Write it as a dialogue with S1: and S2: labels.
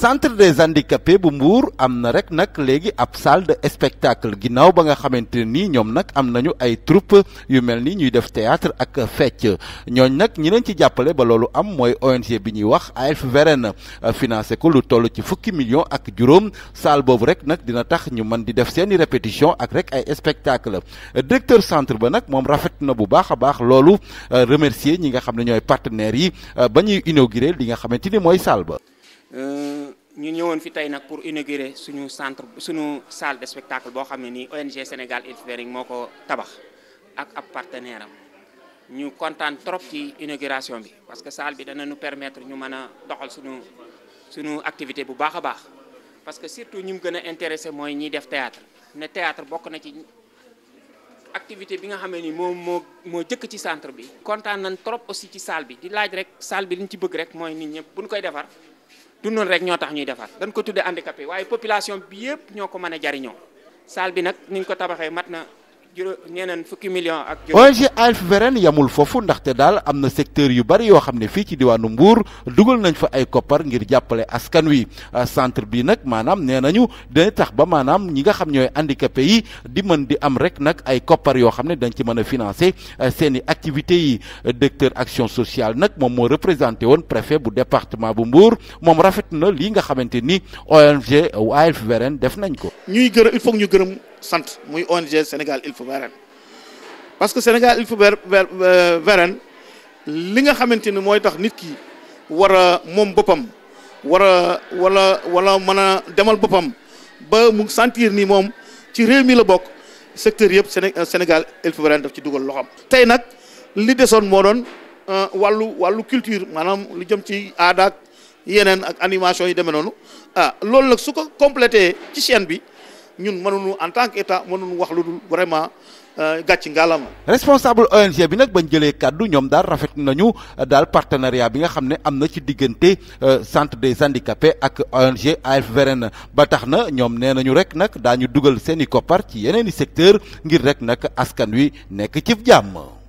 S1: centre des handicapés bu Mbour am na rek nag léegi ab sald de spectacle ginnaaw ba nga xamante nii ñoom nag am nañu ay troupe yu mel ni ñuy def théâtre ak fecc ñooñ nag ñi leen ci jàppale ba loolu am mooy ONG bi ñuy wax ay AF Veren financé ko lu toll ci fukki millions ak juróom salle boobu rek nag dina tax ñu mën di def seeni répétition ak rek ay spectacle directeur centre ba nag moom rafet na bu baax a baax loolu euh, remercier ñi nga xam ne ñooy partenaires yi euh, ba ñuy inauguré li nga xamante ni mooy salle
S2: ñu ñëwoon fi tey nag pour inaugurer suñu centre suñu salle de spectacle boo xam ne nii ONG Sénégal Inspiring moo ko tabax ak ab partenaire am ñu kontaan trop ci inauguration bi parce que salle bi dana ñu permettre ñu mën a doxal suñu suñu activité bu baax a baax parce que surtout ñu mu gën a intéressé mooy ñiy def théâtre ne théâtre bokk na ci activité bi nga xam ne ni moom moo moo jëkk ci centre bi kontaan nañ trop aussi ci salle bi di laaj rek salle bi liñ ci bëgg rek mooy nit ñëpp bu buñ koy defar du noonu rek ñoo tax ñuy defar dañ ko tuddee handicapé waaye population bi yëpp ñoo ko mën a jariñoo saal bi nag ni ñu ko tabaxee mat na ñeneen fukki millions ak. ONG
S1: Al-Fouveyrine yamul fofu ndaxte daal am secteur yu bari yo xam fi ci diwanu Mbour dugal nañ fa ay copar ngir jappalé askan wi euh, centre bi nak manam nee nañu tax ba manam ñi nga xam ñoy handicapé yi di mën di am rek nak ay copar yo xam dañ ci mëna financer euh, seen activité activités yi docteur action sociale nak mom mo représenté won préfet bu département bu Mbour mom rafet na lii nga xamante ni ONG Al-Fouveyrine def nañ ko.
S3: ñuy gëre il faut ñu gëreum sant muy ONG Sénégal il faut Vérène parce que Sénégal il faut Vérène euh, li nga xamante ni mooy tax nit ki war a moom boppam war a wala wala mën a demal boppam ba mu sentir ni moom ci réew mi la bokk secteur yëpp euh, Sénégal il faut Vérène daf ci dugal loxoom. tey nag li desoon moo doon euh, wàllu wàllu culture maanaam lu jëm ci aadaak yeneen ak animation yi demee noonu ah loolu nag su ko complété ci chaîne bi. ñun mënuñu en tant que état mënuñu wax lu dul vraiment euh, gàcc ngaalam
S1: responsable ONG bi nag bañ jëlee kàddu ñoom daal rafet nañu daal partenariat bi nga xam ne am na ci diggante euh, centre des handicapés ak ONG AFVRN ba tax na ñoom nee nañu rek nag daañu dugal seeni i koppar ci yeneen i secteur ngir rek nag askan wi nekk ci jàmm